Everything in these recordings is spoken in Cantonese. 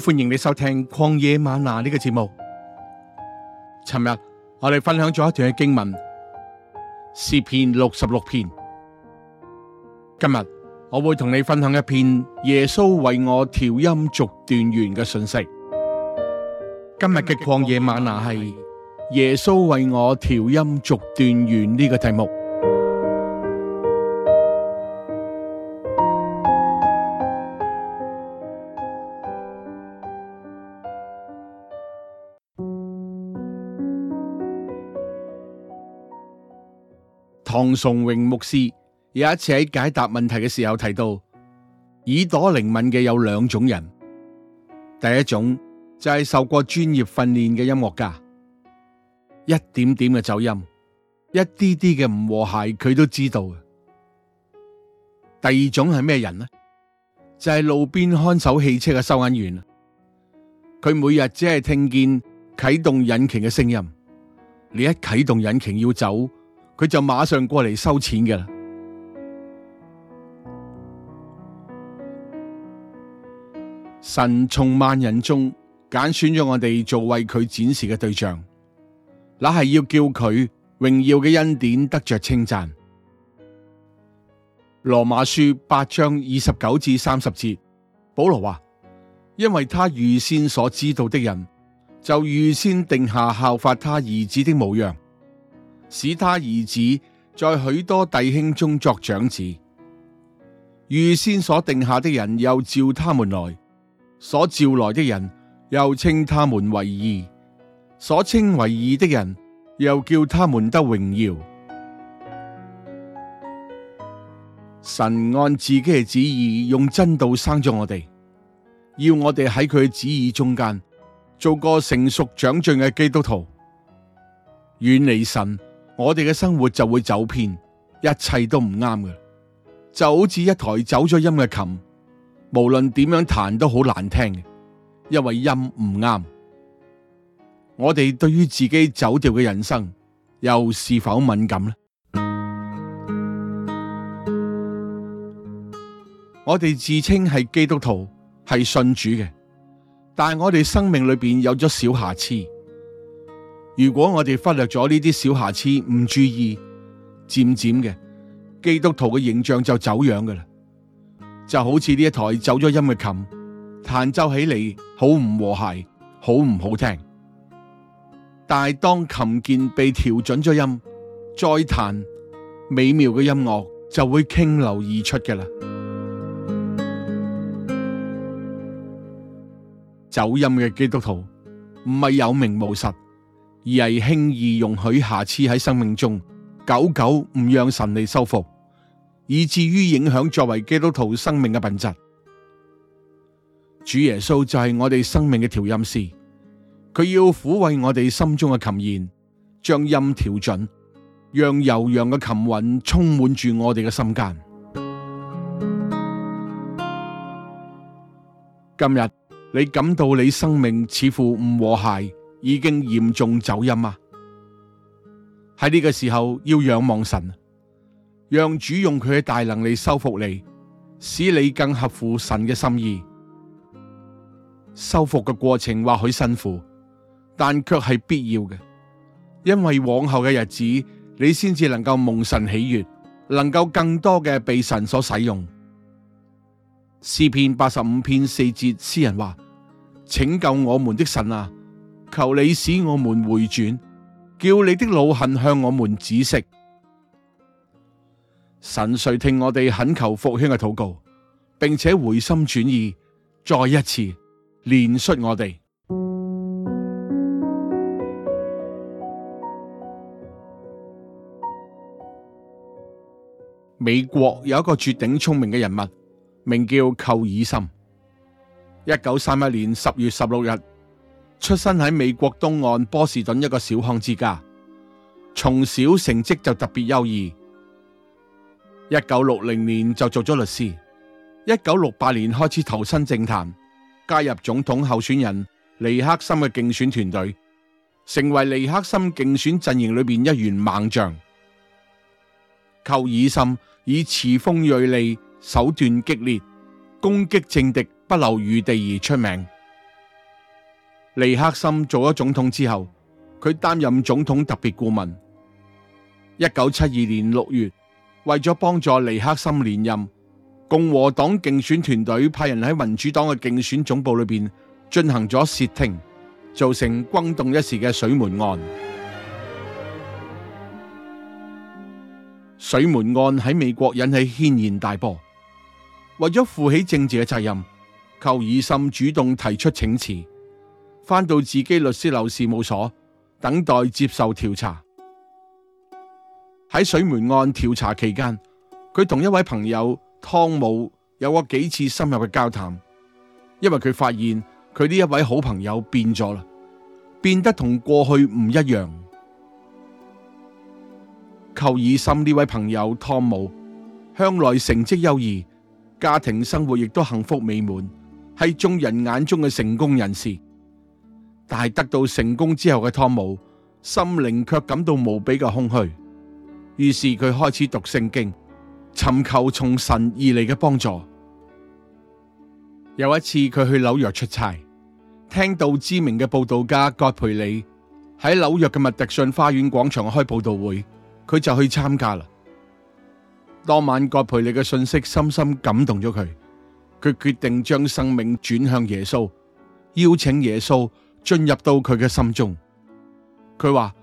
歡迎你收聽曠野嗎哪呢個節目。尋日我哋分享咗一段嘅經文，詩篇六十六篇。今日我會同你分享一篇耶穌為我調音續斷絃嘅信息。今日嘅曠野嗎哪係耶穌為我調音續斷絃呢個題目。唐崇榮牧師有一次喺解答問題嘅時候提到，耳朵靈敏嘅有兩種人，第一種就係受過專業訓練嘅音樂家，一點點嘅走音，一啲啲嘅唔和諧，佢都知道。第二種係咩人呢？就係路邊看守汽車嘅收銀員，佢每日只係聽見啟動引擎嘅聲音，你一啟動引擎要走，佢就馬上過嚟收錢嘅啦。神從萬人中揀選咗我哋做為佢展示嘅對象，那係要叫佢榮耀嘅恩典得着稱讚。羅馬書八章二十九至三十節，保羅話：因為他預先所知道的人，就預先定下效法他兒子的模樣。使他兒子在許多弟兄中作長子，預先所定下的人又召他們來，所召來的人又稱他們為義，所稱為義的人又叫他們得榮耀。神按自己嘅旨意用真道生咗我哋，要我哋喺佢旨意中間做個成熟長進嘅基督徒，遠離神。我哋嘅生活就會走偏，一切都唔啱嘅，就好似一台走咗音嘅琴，無論點樣彈都好難聽嘅，因為音唔啱。我哋對於自己走調嘅人生，又是否敏感呢？我哋自稱係基督徒，係信主嘅，但係我哋生命裏邊有咗小瑕疵。如果我哋忽略咗呢啲小瑕疵，唔注意，漸漸嘅基督徒嘅形象就走樣㗎啦，就好似呢一台走咗音嘅琴，彈奏起嚟好唔和諧，好唔好聽。但係當琴鍵被調準咗音，再彈美妙嘅音樂就會傾流而出㗎啦。走音嘅基督徒唔係有名無實。而係輕易容許瑕疵喺生命中久久唔讓神嚟修復，以至於影響作為基督徒生命嘅品質。主耶穌就係我哋生命嘅調音師，佢要撫慰我哋心中嘅琴弦，將音調準，讓悠揚嘅琴韻充滿住我哋嘅心間。今日你感到你生命似乎唔和諧？已經嚴重走音啊！喺呢個時候要仰望神，讓主用佢嘅大能力修復你，使你更合乎神嘅心意。修復嘅過程或許辛苦，但卻係必要嘅，因為往後嘅日子，你先至能夠蒙神喜悦，能夠更多嘅被神所使用。詩篇八十五篇四節，詩人話：拯救我們的神啊！求你使我們回轉，叫你的惱恨向我們止息。神垂聽我哋懇求復興嘅禱告，並且回心轉意，再一次憐恤我哋。美國有一個絕頂聰明嘅人物，名叫寇爾森。一九三一年十月十六日，出身喺美國東岸波士頓一個小康之家，從小成績就特別優異。一九六零年就做咗律師，一九六八年開始投身政壇，加入總統候選人尼克森嘅競選團隊，成為尼克森競選陣營裏面一員猛將。寇爾森以詞鋒銳利、手段激烈、攻擊政敵不留餘地而出名。尼克森做咗總統之後，佢擔任總統特別顧問。一九七二年六月，為咗幫助尼克森連任，共和黨競選團隊派人喺民主黨嘅競選總部裏面進行咗竊聽，造成轟動一時嘅水門案。水門案喺美國引起軒然大波。為咗負起政治嘅責任，寇爾森主動提出請辭。翻到自己律師樓事務所，等待接受調查。喺水門案調查期間，佢同一位朋友湯姆有過幾次深入嘅交談，因為佢發現佢呢一位好朋友變咗啦，變得同過去唔一樣。寇爾森呢位朋友湯姆向來成績優異，家庭生活亦都幸福美滿，係眾人眼中嘅成功人士。但係得到成功之後嘅湯姆心靈卻感到無比嘅空虛，於是佢開始讀聖經，尋求從神而嚟嘅幫助。有一次佢去紐約出差，聽到知名嘅佈道家葛培理喺紐約嘅麥迪遜花園廣場開佈道會，佢就去參加啦。當晚葛培理嘅信息深深感動咗佢，佢決定將生命轉向耶穌，邀請耶穌。進入到佢嘅心中，佢話：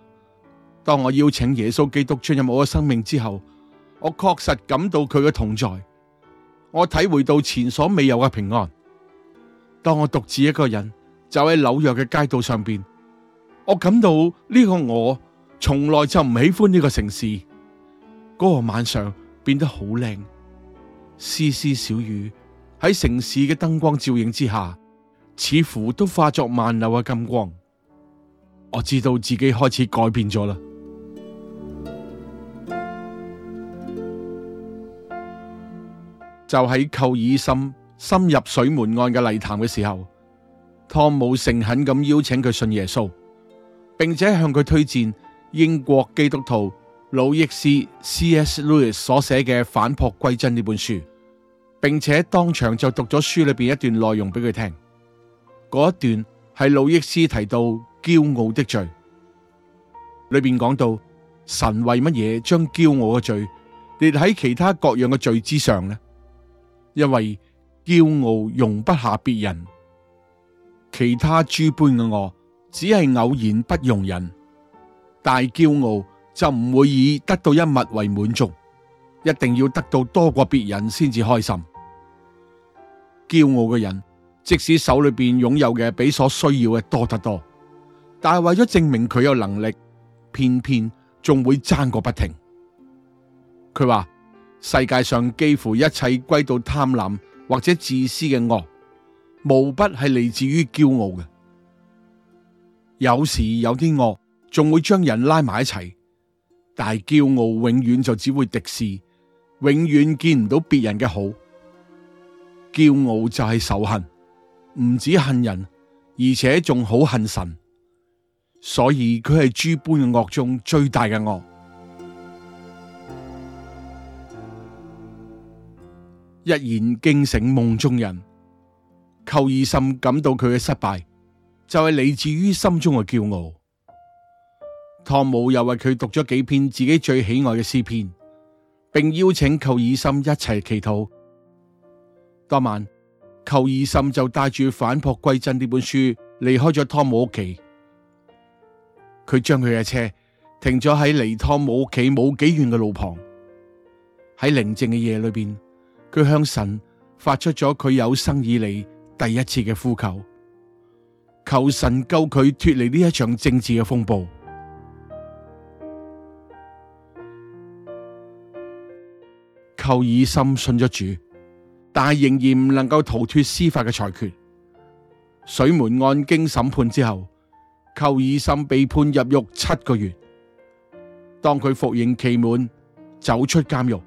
當我邀請耶穌基督進入我嘅生命之後，我確實感到佢嘅同在，我體會到前所未有嘅平安。當我獨自一個人就喺紐約嘅街道上邊，我感到呢個我從來就唔喜歡呢個城市。嗰個晚上變得好靚，絲絲小雨喺城市嘅燈光照應之下，似乎都化作萬流嘅金光，我知道自己開始改變咗啦。 就喺寇爾森深入水門案嘅泥潭嘅時候，湯姆誠懇咁邀請佢信耶穌，並且向佢推薦英國基督徒魯易斯 C.S. Lewis 所寫嘅《反璞歸真》呢本書，並且當場就讀咗書裏邊一段內容俾佢聽。嗰一段係路易斯提到驕傲的罪，裏邊講到神為乜嘢將驕傲嘅罪列喺其他各樣嘅罪之上呢？因為驕傲容不下別人，其他諸般嘅我只係偶然不容人，但係驕傲就唔會以得到一物為滿足，一定要得到多過別人先至開心。驕傲嘅人。即使手裏邊擁有嘅比所需要嘅多得多，但係為咗證明佢有能力，偏偏仲會爭個不停。佢話世界上幾乎一切歸到貪婪或者自私嘅惡，無不係嚟自於驕傲嘅。有時有啲惡仲會將人拉埋一齊，但係驕傲永遠就只會敵視，永遠見唔到別人嘅好。驕傲就係仇恨。唔止恨人，而且仲好恨神，所以佢係諸般嘅惡中最大嘅惡。一言驚醒夢中人，寇爾森感到佢嘅失敗就係嚟自於心中嘅驕傲。湯姆又為佢讀咗幾篇自己最喜愛嘅詩篇，並邀請寇爾森一齊祈禱。當晚，寇爾森就帶住《返璞歸真》呢本書離開咗湯姆屋企，佢將佢嘅車停咗喺離湯姆屋企冇幾遠嘅路旁。喺寧靜嘅夜裏邊，佢向神發出咗佢有生以嚟第一次嘅呼求，求神救佢脫離呢一場政治嘅風暴。寇爾森信咗主。但係仍然唔能夠逃脱司法嘅裁決。水門案經審判之後，寇爾森被判入獄七個月。當佢服刑期滿，走出監獄，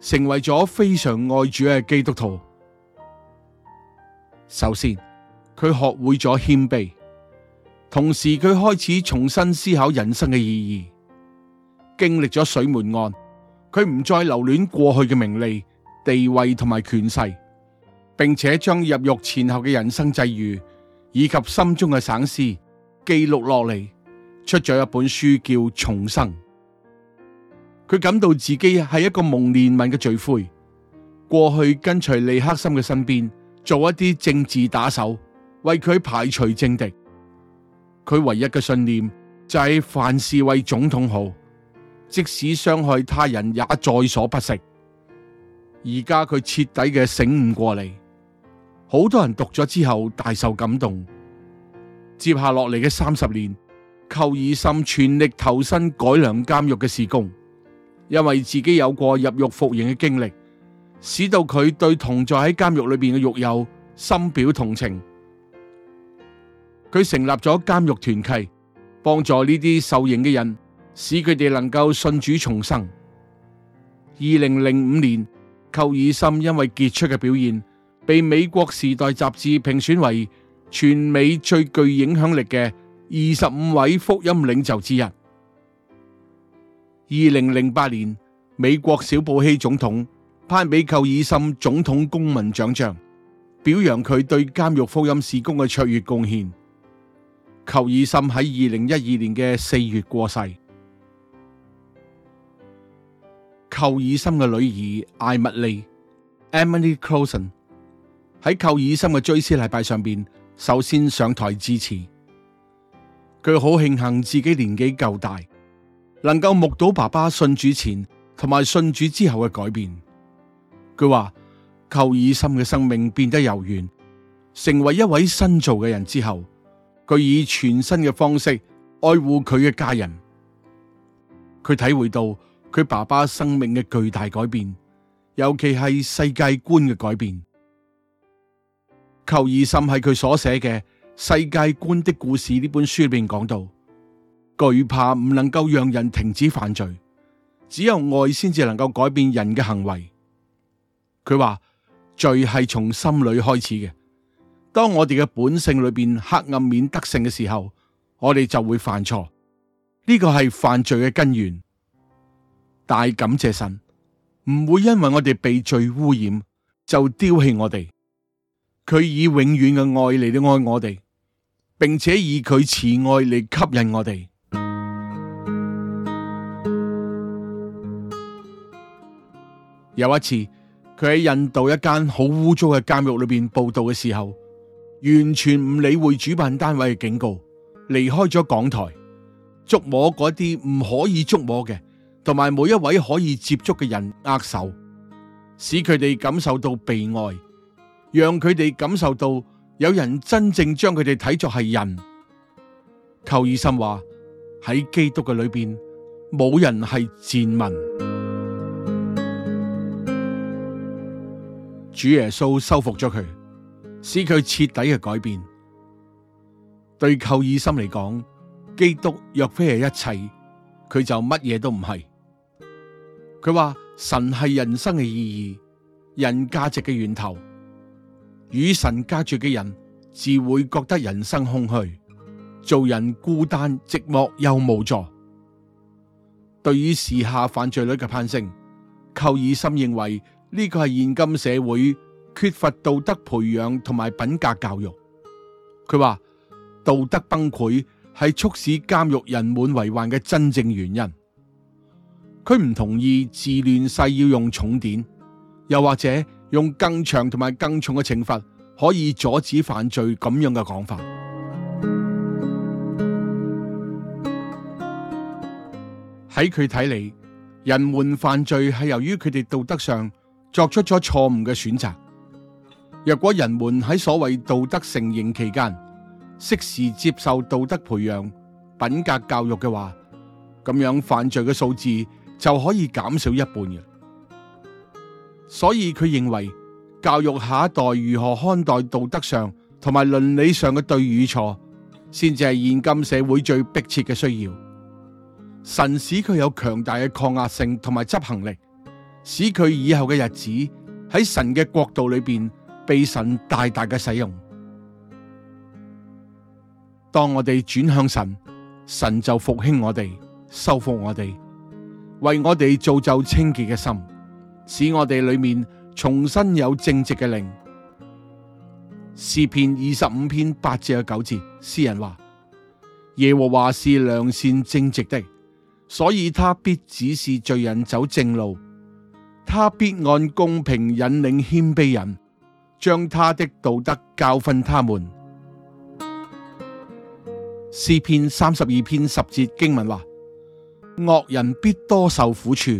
成為咗非常愛主嘅基督徒。首先，佢學會咗謙卑，同時佢開始重新思考人生嘅意義。經歷咗水門案，佢唔再留戀過去嘅名利，地位同埋權勢，並且將入獄前後嘅人生際遇以及心中嘅省思記錄落嚟，出咗一本書叫《重生》。佢感到自己係一個蒙憐憫嘅罪魁，過去跟隨尼克森嘅身邊做一啲政治打手，為佢排除政敵。佢唯一嘅信念就係、是、凡事為總統好，即使傷害他人也在所不惜。而家佢徹底嘅醒悟過嚟，好多人讀咗之後大受感動。接下落嚟嘅三十年，寇爾森全力投身改良監獄嘅事工，因為自己有過入獄服刑嘅經歷，使到佢對同在喺監獄裏邊嘅獄友深表同情。佢成立咗監獄團契，幫助呢啲受刑嘅人，使佢哋能夠信主重生。二零零五年。寇爾森因為傑出嘅表現，被美國時代雜誌評選為全美最具影響力嘅二十五位福音領袖之一。二零零八年，美國小布希總統頒俾寇爾森總統公民獎章，表揚佢對監獄福音事工嘅卓越貢獻。寇爾森喺二零一二年嘅四月過世。寇爾森嘅女兒艾蜜莉 （Emily c a r s e n 喺寇爾森嘅追思禮拜上邊，首先上台致辭。佢好慶幸自己年紀夠大，能夠目睹爸爸信主前同埋信主之後嘅改變。佢話寇爾森嘅生命變得柔軟，成為一位新造嘅人之後，佢以全新嘅方式愛護佢嘅家人。佢體會到，佢爸爸生命嘅巨大改變，尤其係世界觀嘅改變。寇爾森係佢所寫嘅《世界觀的故事》呢本書裏邊講到，懼怕唔能夠讓人停止犯罪，只有愛先至能夠改變人嘅行為。佢話罪係從心裏開始嘅，當我哋嘅本性裏邊黑暗面得勝嘅時候，我哋就會犯錯，呢個係犯罪嘅根源。大感謝神，唔會因為我哋被罪污染，就丟棄我哋。佢以永遠嘅愛嚟到愛我哋，並且以佢慈愛嚟吸引我哋。 有一次，佢喺印度一間好污糟嘅監獄裏邊報道嘅時候，完全唔理會主辦單位嘅警告，離開咗港台，捉摸嗰啲唔可以捉摸嘅。同埋每一位可以接觸嘅人握手，使佢哋感受到被愛，讓佢哋感受到有人真正將佢哋睇作係人。寇爾森話喺基督嘅裏邊，冇人係賤民。主耶穌收復咗佢，使佢徹底嘅改變。對寇爾森嚟講，基督若非係一切，佢就乜嘢都唔係。佢話神係人生嘅意義，人價值嘅源頭。與神隔絕嘅人，自會覺得人生空虛，做人孤單、寂寞又無助。對於時下犯罪率嘅攀升，寇爾森認為呢個係現今社會缺乏道德培養同埋品格教育。佢話道德崩潰係促使監獄人滿為患嘅真正原因。佢唔同意治亂世要用重典，又或者用更長同埋更重嘅懲罰可以阻止犯罪咁樣嘅講法。喺佢睇嚟，人們犯罪係由於佢哋道德上作出咗錯誤嘅選擇。若果人們喺所謂道德成形期間，適時接受道德培養、品格教育嘅話，咁樣犯罪嘅數字，就可以減少一半嘅，所以佢認為教育下一代如何看待道德上同埋倫理上嘅對與錯，先至係現今社會最迫切嘅需要。神使佢有強大嘅抗壓性同埋執行力，使佢以後嘅日子喺神嘅國度裏邊被神大大嘅使用。當我哋轉向神，神就復興我哋，修復我哋。為我哋造就清潔嘅心，使我哋裏面重新有正直嘅靈。詩篇二十五篇八至九字，詩人話：耶和華是良善正直的，所以他必指示罪人走正路，他必按公平引領謙卑人，將他的道德教訓他們。詩篇三十二篇十節經文話：惡人必多受苦處，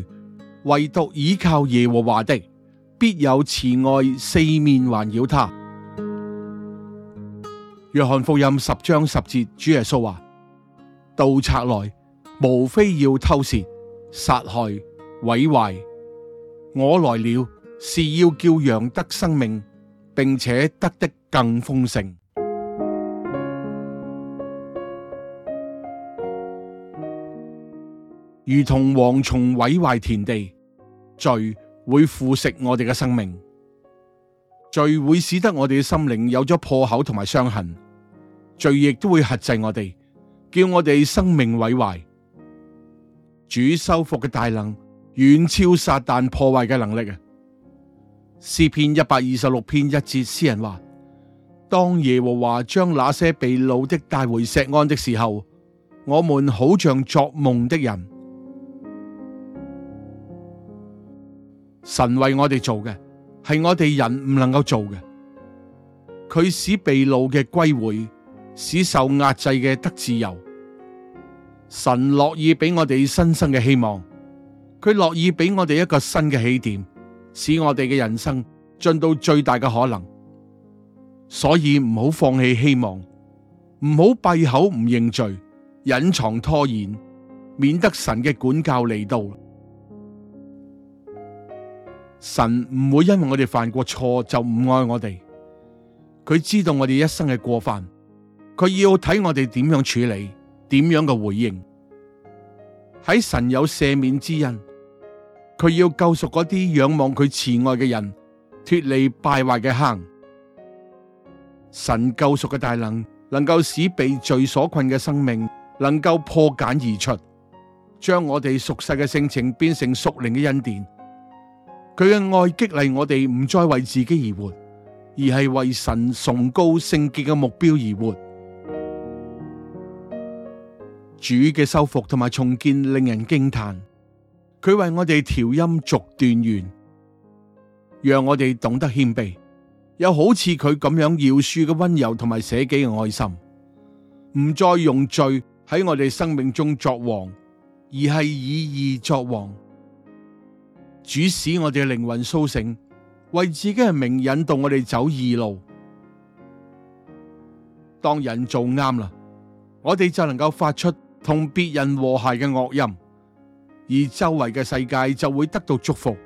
唯獨倚靠耶和華的，必有慈愛四面環繞他。約翰福音十章十節，主耶穌話：盜賊來，無非要偷竊、殺害、毀壞。我來了，是要叫羊得生命，並且得的更豐盛。如同蝗蟲毀壞田地，罪會腐蝕我哋嘅生命，罪會使得我哋嘅心靈有咗破口同埋傷痕，罪亦都會轄制我哋，叫我哋生命毀壞。主修復嘅大能遠超撒旦破壞嘅能力啊！詩篇一百二十六篇一節，詩人話：當耶和華將那些被擄的帶回錫安的時候，我們好像作夢的人。神為我哋做嘅，係我哋人唔能夠做嘅，佢使被擄嘅歸回，使受壓制嘅得自由。神樂意俾我哋新生嘅希望，佢樂意俾我哋一個新嘅起點，使我哋嘅人生盡到最大嘅可能。所以唔好放棄希望，唔好閉口唔認罪，隱藏拖延，免得神嘅管教嚟到。神唔會因為我哋犯過錯就唔愛我哋，佢知道我哋一生嘅過犯，佢要睇我哋點樣處理，點樣嘅回應。喺神有赦免之恩，佢要救贖嗰啲仰望佢慈愛嘅人，脫離敗壞嘅坑。神救贖嘅大能，能夠使被罪所困嘅生命能夠破繭而出，將我哋屬世嘅性情變成屬靈嘅恩典。佢嘅愛激勵我哋，唔再為自己而活，而係為神崇高聖潔嘅目標而活。主嘅修復同埋重建令人驚嘆，佢為我哋調音續斷絃，讓我哋懂得謙卑，又好似佢咁樣饒恕嘅溫柔同埋捨己嘅愛心，唔再用罪喺我哋生命中作王，而係以義作王。主使我哋嘅靈魂蘇醒，為自己嘅名引導我哋走義路。當人做啱啦，我哋就能夠發出同別人和諧嘅惡音，而周圍嘅世界就會得到祝福。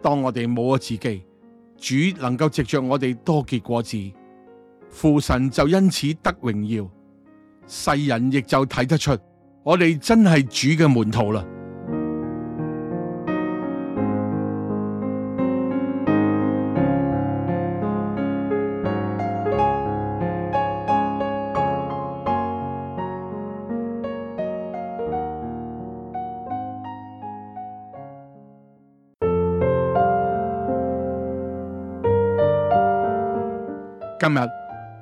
當我哋冇咗自己，主能夠藉着我哋多結果子，父神就因此得榮耀，世人亦就睇得出我哋真係主嘅門徒啦。今日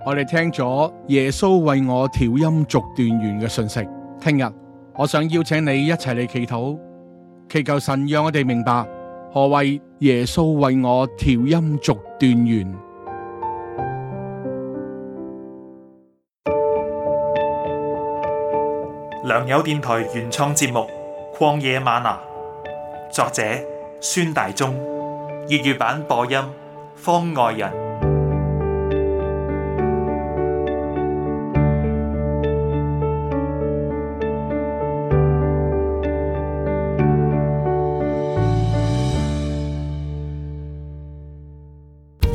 我哋聽咗耶穌為我調音續斷絃嘅信息，聽日我想邀請你一齊嚟祈禱，祈求神讓我哋明白何謂耶穌為我調音續斷絃。良友電台原創節目《曠野嗎哪》，作者孫大中，粵語版播音方外人。